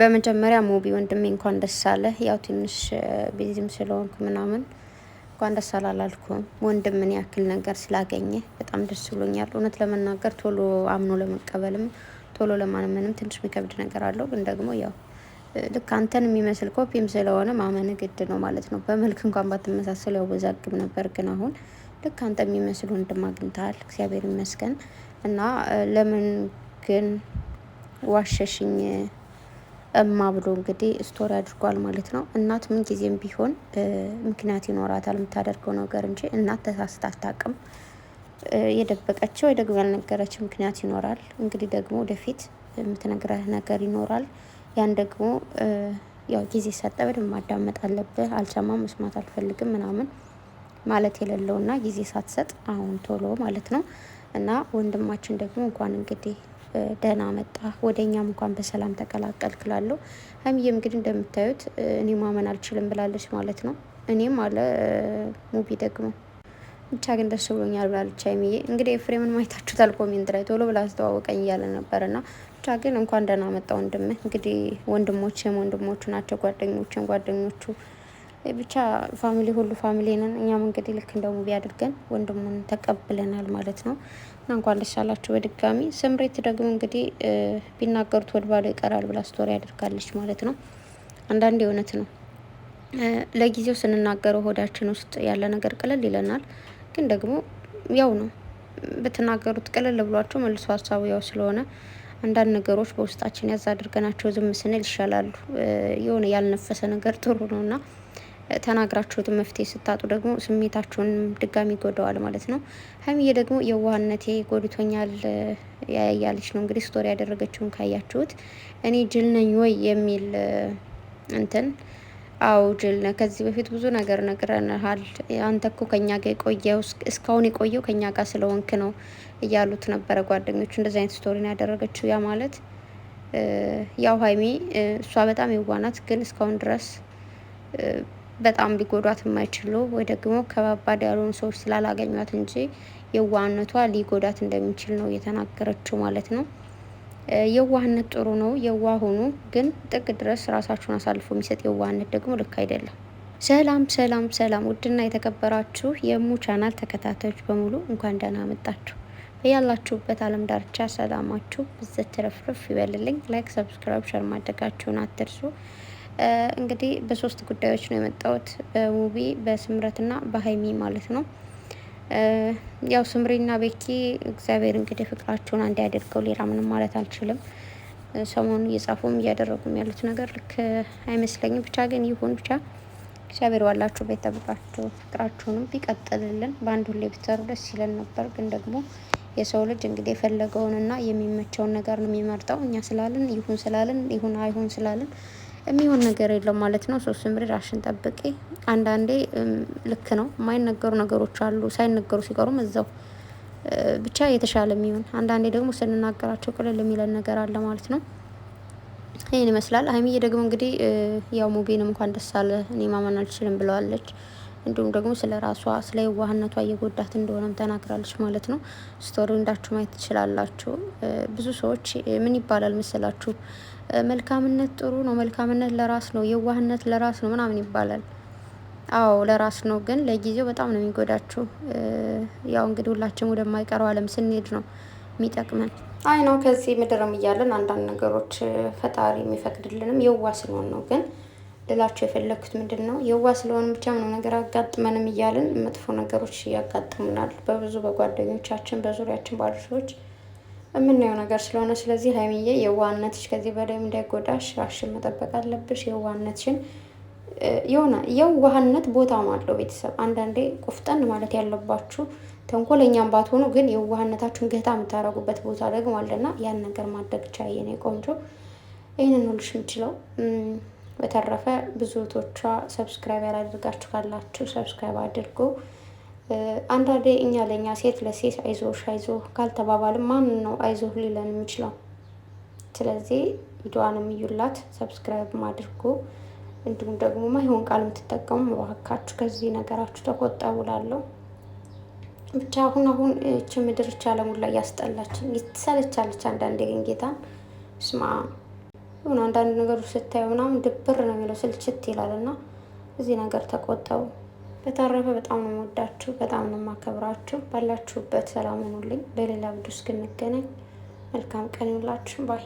በመጀመሪያ ሙቢ ወንድሜ እንኳን ደስ አለህ። ያው ትንሽ ቢዚም ስለሆንኩ ምናምን እንኳን ደስ አለህ ወንድምን ያክል ነገር ስላገኘ በጣም ደስ ብሎኛል። እውነት ለመናገር ቶሎ አምኖ ለመቀበልም ቶሎ ለማመንም ትንሽ የሚከብድ ነገር አለው፣ ግን ደግሞ ያው ልክ አንተን የሚመስል ኮፒም ስለሆነ ማመን ግድ ነው ማለት ነው። በመልክ እንኳን ባትመሳሰል ያው ነበር፣ ግን አሁን ልክ አንተ የሚመስል ወንድም አግኝተሃል። እግዚአብሔር ይመስገን እና ለምን ግን ዋሸሽኝ እማ ብሎ እንግዲህ ስቶሪ አድርጓል ማለት ነው። እናት ምን ጊዜም ቢሆን ምክንያት ይኖራታል የምታደርገው ነገር እንጂ እናት ተሳስታ አታውቅም። የደበቀችው ወይ ደግሞ ምክንያት ይኖራል። እንግዲህ ደግሞ ወደፊት የምትነግረህ ነገር ይኖራል። ያን ደግሞ ያው ጊዜ ሰጠ በደንብ ማዳመጥ አለብህ። አልሰማም፣ መስማት አልፈልግም ምናምን ማለት የሌለውና ጊዜ ሳትሰጥ አሁን ቶሎ ማለት ነው እና ወንድማችን ደግሞ እንኳን እንግዲህ ደህና መጣ ወደ እኛም እንኳን በሰላም ተቀላቀል ክላለሁ። ሀይሚዬ እንግዲህ እንደምታዩት እኔ ማመን አልችልም ብላለች ማለት ነው። እኔም አለ ሙቢ ደግሞ ብቻ ግን ደስ ብሎኛል ብላለች ሀይሚዬ። እንግዲህ ፍሬምን ማየታችሁታል ኮሜንት ላይ ቶሎ ብላ አስተዋወቀኝ እያለ ነበር ና ብቻ ግን እንኳን ደህና መጣ ወንድምህ። እንግዲህ ወንድሞችም ወንድሞቹ ናቸው ጓደኞችም ጓደኞቹ ብቻ ፋሚሊ ሁሉ ፋሚሊ ነን። እኛም እንግዲህ ልክ እንደ ሙቪ አድርገን ወንድሙን ተቀብለናል ማለት ነው እና እንኳን ደስ አላችሁ በድጋሚ። ስምሬት ደግሞ እንግዲህ ቢናገሩት ወደ ባዶ ይቀራል ብላ ስቶሪ አድርጋለች ማለት ነው። አንዳንዴ እውነት ነው። ለጊዜው ስንናገረው ሆዳችን ውስጥ ያለ ነገር ቅልል ይለናል፣ ግን ደግሞ ያው ነው በተናገሩት ቅልል ብሏቸው መልሶ ሀሳቡ ያው ስለሆነ አንዳንድ ነገሮች በውስጣችን ያዝ አድርገናቸው ዝም ስንል ይሻላሉ። የሆነ ያልነፈሰ ነገር ጥሩ ነው እና ተናግራችሁትን መፍትሄ ስታጡ ደግሞ ስሜታችሁን ድጋሚ ይጎዳዋል ማለት ነው። ሀይሚዬ ደግሞ የዋህነቴ ጎድቶኛል ያያለች ነው እንግዲህ ስቶሪ ያደረገችውን ካያችሁት እኔ ጅል ነኝ ወይ የሚል እንትን አው ጅል ነህ። ከዚህ በፊት ብዙ ነገር ነግረንሃል። አንተ እኮ ከኛ ጋር የቆየው እስካሁን የቆየው ከኛ ጋር ስለሆንክ ነው እያሉት ነበረ ጓደኞቹ። እንደዚህ አይነት ስቶሪ ነው ያደረገችው። ያ ማለት ያው ሀይሚ እሷ በጣም የዋናት ናት፣ ግን እስካሁን ድረስ በጣም ሊጎዷት የማይችሉ ወይ ደግሞ ከባባድ ያሉን ሰዎች ስላላገኟት እንጂ የዋህነቷ ሊጎዳት እንደሚችል ነው እየተናገረችው ማለት ነው። የዋህነት ጥሩ ነው፣ የዋ ሆኑ። ግን ጥግ ድረስ ራሳችሁን አሳልፎ የሚሰጥ የዋህነት ደግሞ ልክ አይደለም። ሰላም ሰላም ሰላም! ውድና የተከበራችሁ የሙ ቻናል ተከታታዮች በሙሉ እንኳን ደህና መጣችሁ። በያላችሁበት ዓለም ዳርቻ ሰላማችሁ ብዘት ትረፍረፍ ይበልልኝ። ላይክ፣ ሰብስክራይብ፣ ሸር ማድረጋችሁን አትርሱ። እንግዲህ በሶስት ጉዳዮች ነው የመጣሁት በውቤ በስምረትና በሀይሚ ማለት ነው። ያው ስምሪና ቤኪ እግዚአብሔር እንግዲህ ፍቅራቸውን አንድ ያደርገው። ሌላ ምንም ማለት አልችልም። ሰሞኑ እየጻፉም እያደረጉም ያሉት ነገር ልክ አይመስለኝም። ብቻ ግን ይሁን ብቻ እግዚአብሔር ዋላችሁ ቤት ጠብቃችሁ ፍቅራችሁንም ቢቀጥልልን በአንድ ሁሌ ብትሰሩ ደስ ይለን ነበር። ግን ደግሞ የሰው ልጅ እንግዲህ የፈለገውንና የሚመቸውን ነገር ነው የሚመርጠው። እኛ ስላልን ይሁን ስላልን ይሁን አይሁን ስላልን የሚሆን ነገር የለው ማለት ነው። ሶስት ምሪ ራሽን ጠብቂ። አንዳንዴ ልክ ነው፣ የማይነገሩ ነገሮች አሉ። ሳይነገሩ ሲቀሩም እዛው ብቻ የተሻለ የሚሆን አንዳንዴ ደግሞ ስንናገራቸው ቅልል የሚለን ነገር አለ ማለት ነው። ይህን ይመስላል። ሀይሚዬ ደግሞ እንግዲህ ያው ሙቤንም እንኳን ደስ አለ እኔ ማመን አልችልም ብለዋለች። እንዲሁም ደግሞ ስለ ራሷ ስለ የዋህነቷ እየጎዳት እንደሆነም ተናግራለች ማለት ነው። ስቶሪ እንዳችሁ ማየት ትችላላችሁ። ብዙ ሰዎች ምን ይባላል መሰላችሁ? መልካምነት ጥሩ ነው፣ መልካምነት ለራስ ነው፣ የዋህነት ለራስ ነው ምናምን ይባላል። አዎ ለራስ ነው፣ ግን ለጊዜው በጣም ነው የሚጎዳችሁ። ያው እንግዲህ ሁላችን ወደማይቀረው ዓለም ስንሄድ ነው የሚጠቅመን። አይ ነው ከዚህ ምድርም እያለን አንዳንድ ነገሮች ፈጣሪ የሚፈቅድልንም የዋ ስንሆን ነው ግን ልላችሁ የፈለግኩት ምንድን ነው የዋ ስለሆን ብቻ ምንም ነገር አጋጥመንም እያልን መጥፎ ነገሮች ያጋጥሙናል በብዙ በጓደኞቻችን በዙሪያችን ባሉ ሰዎች የምናየው ነገር ስለሆነ ስለዚህ ሀይሚዬ የዋነትሽ ከዚህ በላይ እንዳይጎዳሽ ራስሽን መጠበቅ አለብሽ የዋነትሽን የሆነ የዋህነት ቦታም አለው ቤተሰብ አንዳንዴ ቁፍጠን ማለት ያለባችሁ ተንኮለኛም ባትሆኑ ግን የዋህነታችሁን ገታ የምታደርጉበት ቦታ ደግሞ አለና ያን ነገር ማድረግ የኔ ቆንጆ ይህንን ሁልሽ የምችለው በተረፈ ብዙ እህቶቿ ሰብስክራይብ ያላደርጋችሁ ካላችሁ ሰብስክራይብ አድርጉ። አንዳንዴ እኛ ለእኛ ሴት ለሴት አይዞሽ አይዞህ ካልተባባልም ማን ነው አይዞህ ሊለን የሚችለው? ስለዚህ ቪዲዮዋንም እዩላት፣ ሰብስክራይብ አድርጎ እንዲሁም ደግሞ ማይሆን ቃል የምትጠቀሙ መባካችሁ ከዚህ ነገራችሁ ተቆጠቡ እላለሁ። ብቻ አሁን አሁን ይቺ ምድር ይቻለሙላ እያስጠላችን ይትሰለቻለች። አንዳንዴ ግን ጌታን ስማ ሆነ አንዳንድ ነገሮች ስታየው ምናምን ድብር ነው የሚለው ስልችት ይላል እና እዚህ ነገር ተቆጠቡ። በተረፈ በጣም ነው የምወዳችሁ፣ በጣም ነው የማከብራችሁ። ባላችሁበት ሰላም ሆኑልኝ በሌላ ቪዲዮ እስክንገናኝ መልካም ቀን ይሁንላችሁ። ባይ